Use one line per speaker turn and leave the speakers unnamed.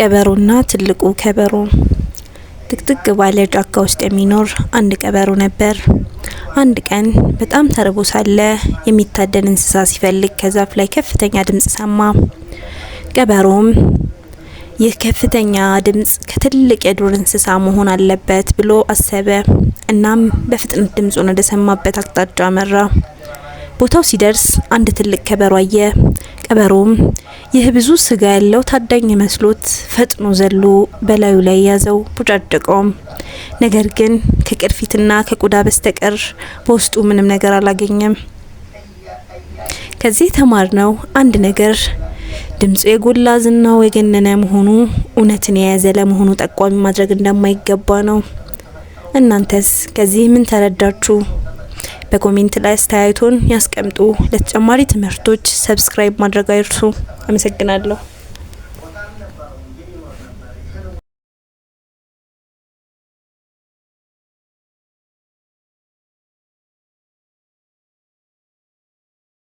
ቀበሮና ትልቁ ከበሮ። ጥቅጥቅ ባለ ጫካ ውስጥ የሚኖር አንድ ቀበሮ ነበር። አንድ ቀን በጣም ተርቦ ሳለ የሚታደን እንስሳ ሲፈልግ ከዛፍ ላይ ከፍተኛ ድምጽ ሰማ። ቀበሮም ይህ ከፍተኛ ድምጽ ከትልቅ የዱር እንስሳ መሆን አለበት ብሎ አሰበ። እናም በፍጥነት ድምጹን ወደ ሰማበት አቅጣጫ መራ። ቦታው ሲደርስ አንድ ትልቅ ከበሮ አየ። ቀበሮም ይህ ብዙ ስጋ ያለው ታዳኝ መስሎት ፈጥኖ ዘሎ በላዩ ላይ ያዘው፣ ቦጫደቀውም። ነገር ግን ከቅርፊትና ከቆዳ በስተቀር በውስጡ ምንም ነገር አላገኘም። ከዚህ የተማርነው አንድ ነገር ድምፁ የጎላ ዝናው የገነነ መሆኑ እውነትን የያዘ ለመሆኑ ጠቋሚ ማድረግ እንደማይገባ ነው። እናንተስ ከዚህ ምን ተረዳችሁ? በኮሜንት ላይ አስተያየቶን ያስቀምጡ። ለተጨማሪ ትምህርቶች ሰብስክራይብ ማድረግ አይርሱ። አመሰግናለሁ።